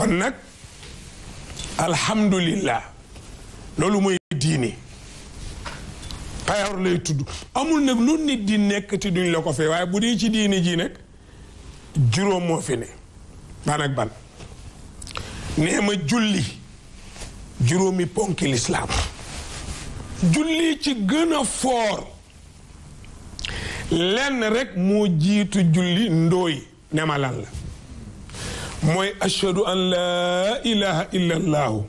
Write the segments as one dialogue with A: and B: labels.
A: kon nag alhamdulillah loolu mooy diine payoor lay tudd amul nag lu nit di nekk ti duñ la ko fee waaye bu dee ci diine ji nag juróom moo fi ne ban ban nee ma julli juróomi ponki lislaam julli ci gën foor lenn rekk moo jiitu julli ndooy ne la mooy ashhadu an laa ilaha illa allahu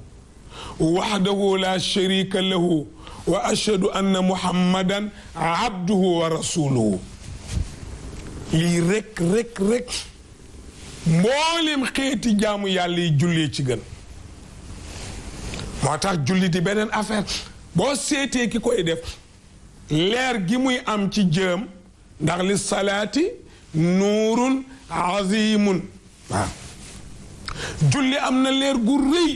A: waxdahu la sharika lahu wa ashhadu anna muhammadan abduhu wa lii rek rek rek mboolem xeeti jaamu yàlla yi jullee ci gën moo tax julli beneen affaire boo seetee koy def leer gi muy am ci jëm ndax li salaati nuurun azimun julli am na leer gu rëy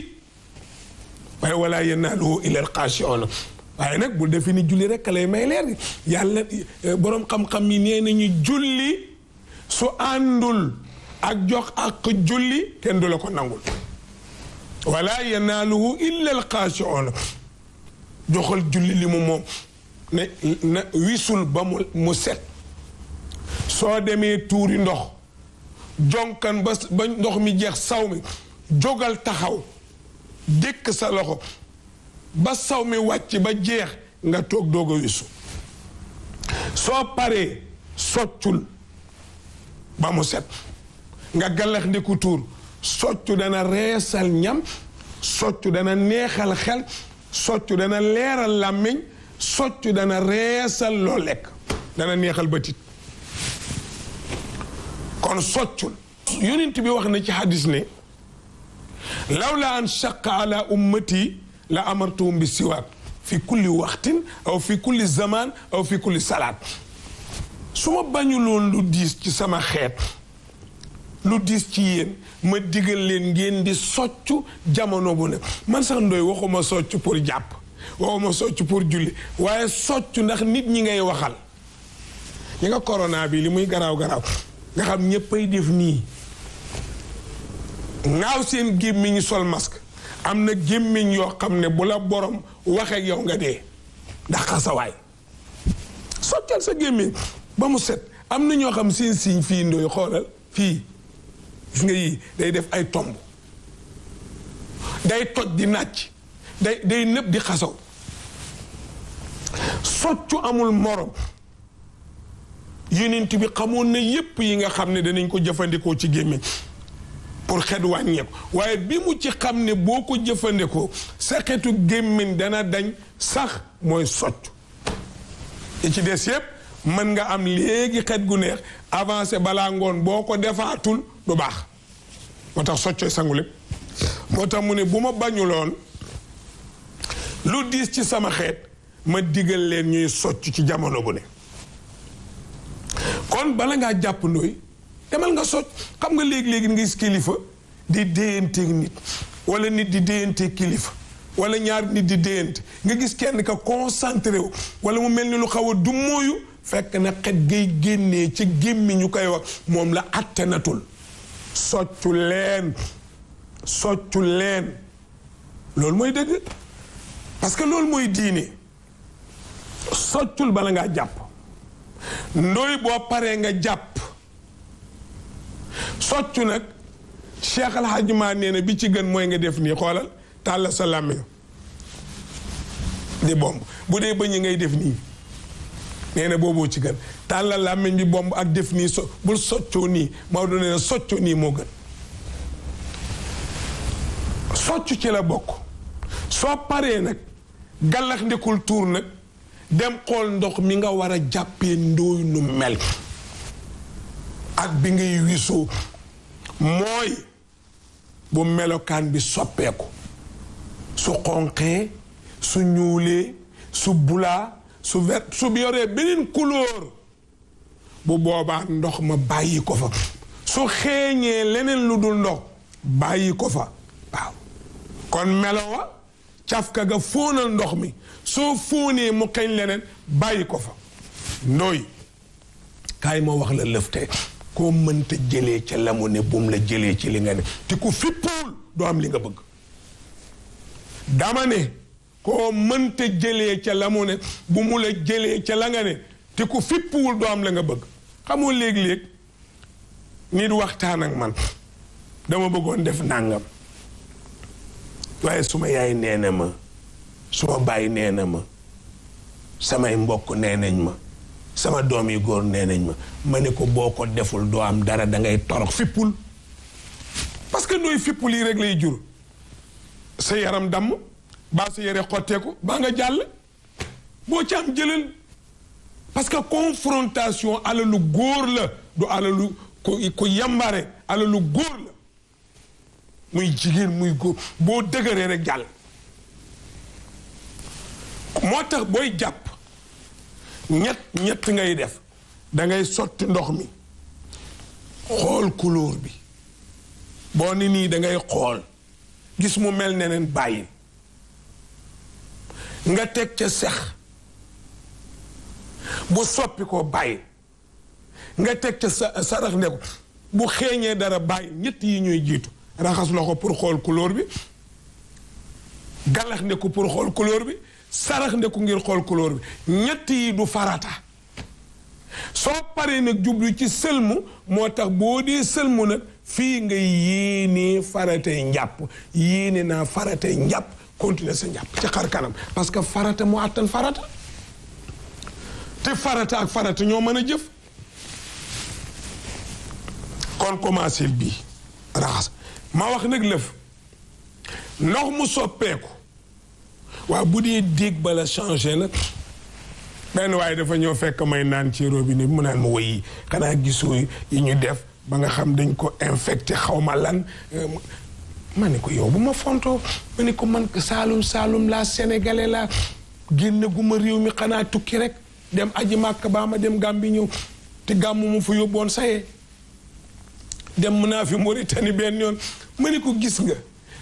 A: waaye walaa yanaaluhu illa alxaashi'uun waaye nag bu defe ni julli rek lay may leer gi yàlla boroom xam-xam yi nee nañu julli su àndul ak jox ak julli kenn du la ko nangul walaa yanaaluhu illa alxaashi'uun joxal julli li mu moom na wisul ba mu set soo demee tuuri ndox jonkan ba ndox mi jeex saw mi jógal taxaw dékk sa loxo ba saw mi wàcc ba jeex nga toog doog a wisu soo paree soccul ba mu set nga gallax ndiku tuur soccu dana reesal ñam soccu dana neexal xel soccu dana leeral làmmiñ soccu dana reesal loo lekk dana neexal bëtit kon soccul yonent bi wax na ci hadis law lawla an shaqa ala ummati la amartuhum bi siwaak fi kulli waxtin aw fi kulli zaman aw fi kulli salaat su ma bañuloon lu diis ci sama xeet lu diis ci yéen ma digal leen ngeen di soccu jamono bu ne man sax ndoy waxuma soccu pour jàpp waxuma soccu pour julli waaye soccu ndax nit ñi ngay waxal ñi nga corona bi li muy garaaw garaaw nga xam ñëppay def nii ngaaw seen gémmiñ sol masque am na gémmiñ yoo xam ne bu la borom waxee yow nga dee ndax xasawaay soccal sa gémmiñ ba mu set am na ñoo xam seen siiñ fii ndoy xoolal fii gis nga yii day def ay tomb day toj di nàcc day day nëb di xasaw soccu amul morom yonent bi xamoon na yépp yi nga xam ne danañ ko jëfandikoo ci gémmiñ pour xet wàññeeku waaye bi mu ci xam ne boo ko jëfandikoo sa xetu gémmiñ dana dañ sax mooy socc yi ci des yépp mën nga am léegi xet gu neex avancé balaa ngoon boo ko defaatul du baax moo tax soccoy sangu lépp moo tax mu ne bu ma bañuloon lu diis ci sama xeet ma digal leen ñuy socc ci jamono bu ne kon bala ngaa jàpp ndooy demal nga socc xam nga léegi-léegi nga gis kilifa di déyanteeg nit wala nit di déyanteeg kilifa wala ñaari nit di déyante nga gis kenn ka concentré wu wala mu mel ni lu xaw a du mooyu fekk na xet gay génnee ci gémmi ñu koy wax moom la attenatul soccu leen soccu leen loolu mooy dëgg parce que loolu mooy diine soccul bala ngaa jàpp ndooy boo paree nga jàpp soccu nag Cheikh Al Hadj bi ci gën mooy nga def nii xoolal tàll sa làmmiñ di bomb bu dee bëñ yi ngay def nii nee na ci gën tàllal làmmiñ bi bomb ak def nii so bul soccoo nii Maodo nee na nii moo gën soccu ci la bokk soo paree nag gàllax ndikul tuur nag dem xool ndox mi nga war a jàppee ndooy nu mel ak bi ngay wisoo mooy bu melokaan bi soppeeku su xonqee su ñuulee su bulaa su vert su yoree beneen couleur bu boobaa ndox ma bàyyi ko fa su xeeñee leneen lu dul ndox bàyyi ko fa waaw kon melo cafka ga fóonal ndox mi soo fóonee mu xeeñ leneen bàyyi ko fa ndooy kaay ma wax la lëfte koo ca la mu la jëlee ci li te ku fippuwul li nga bëgg dama ne koo mënta jëlee ca la mu ne bu mu la jëlee ca la nga ne te ku fippuwul doo am la nga bëgg xamoo léeg-léeg nit waxtaan ak man dama bëggoon def nàngam waaye suma yaay nee na ma su baay nee na ma samay mbokk nee nañ ma sama doom yi góor nee nañ ma ma ne ko boo ko deful doo am dara dangay torox fippul parce que nooy fippul yi rek lay jur sa yaram damm baa sa yére xotteeku baa nga jàll boo ci am jëlal parce que confrontation alalu góor la du alalu ku ko yambare alalu góor muy jigéen muy góor boo dëgëree rek jàll moo tax booy jàpp ñett ñett ngay def dangay sotti ndox mi xool couleur bi boo ni nii dangay xool gis mu mel neneen bàyyi nga teg ca sex bu soppi ko bàyyi nga teg ca sa sarax ne ko bu xeeñee dara bàyyi ñett yi ñooy jiitu raxas loxo pour xool couleur bi galax ndeku pour xool couleur bi sarax ndeku ngir xool couleur bi ñett yi du farata soo paree nag jublu ci sëlmu moo tax boo dee sëlmu nag fii nga yéenee faratay njàpp yéene naa faratay njàpp continuer sa njàpp ci xar kanam parce que farata mu attan farata te farata ak farata ñoo mën a jëf kon commencé bii raxas ma wax nag lëf ndox mu soppeeku waa bu dee déeg bala changé la benn waaye dafa ñëw fekk may naan ci robinet bi mu naan ma woyi xanaa gisoo yi ñu def ba nga xam dañ ko infecté xaw ma lan ma ne ko yow bu ma fontoo ma ne ko man saalum saalum laa sénégalais laa génne gu réew mi xanaa tukki rek dem aji màkk baa ma dem gàmbi ñëw te gàmm mu fa yóbboon sayee dem naa fi Mauritanie benn yoon ma ne ko gis nga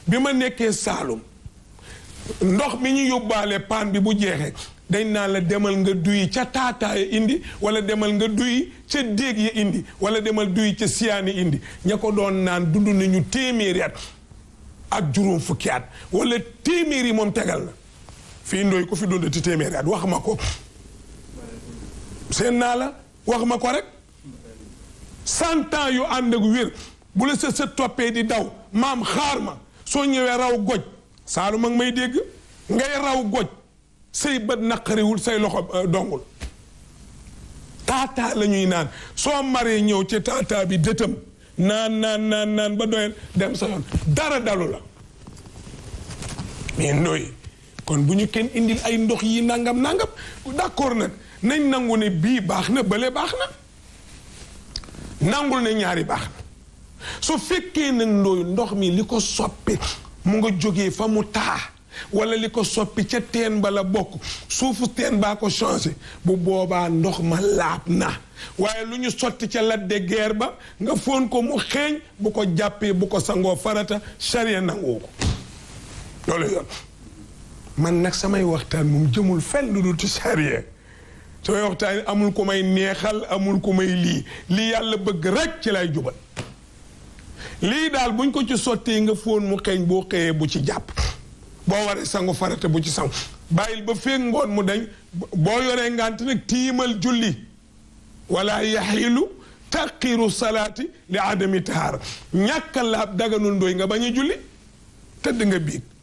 A: bi ma nekkee Saalum ndox mi ñu yóbbaale paan bi bu jeexee dañ naa la demal nga duyi ca taataa ya indi wala demal nga duyi ca déeg ya indi wala demal duyi ca siyaani indi ña ko doon naan dund nañu téeméeri at ak juróom fukki at wala téeméeri moom tegal na fii ndooy ko fi dundati téeméeri at wax ma ko seen naa la wax ma ko rek cent yu ànd ak wér bu la sa sët toppee di daw maam xaar ma soo ñëwee raw goj saalu mag may dégg ngay raw goj say bët naqariwul say loxo euh, dongul taataa lañuy naan soo maree ñëw ci taataa bi dëtam naan naan naan ba doyal dem sa yoon dara dalu la mais ndoy kon bu ñu kenn indil ay ndox yi nangam nangam d'accord nag nañ nangu ne bii baax na bale baax na nangul ne ñaari baax su fekkee ne ndooy ndox mi li ko soppi mu nga jógee fa mu taa walla li ko soppi ca teen ba la bokk suufu teen baa ko changé bu boobaa ndox ma laab na waaye lu ñu sotti ca ladde de ba nga foon ko mu xeeñ bu ko jàppee bu ko sangoo farata charia nangu ko loolu yoon man nag samay waxtaan moom jëmul fenn lu dul ci charia samay waxtaan amul ko may neexal amul ko may lii lii yàlla bëgg rekk ci lay jubal lii daal buñ ko ci sottee nga fóon mu xeeñ boo xëyee bu ci jàpp boo waree sangu farata bu ci sangu bàyyil ba feeg ngoon mu dañ boo yoree ngant nag tiimal julli wala yaxilu taqiru salaati li adami ñàkkal ñàkka ab daganul ndooy nga bañ a julli tëdd nga biig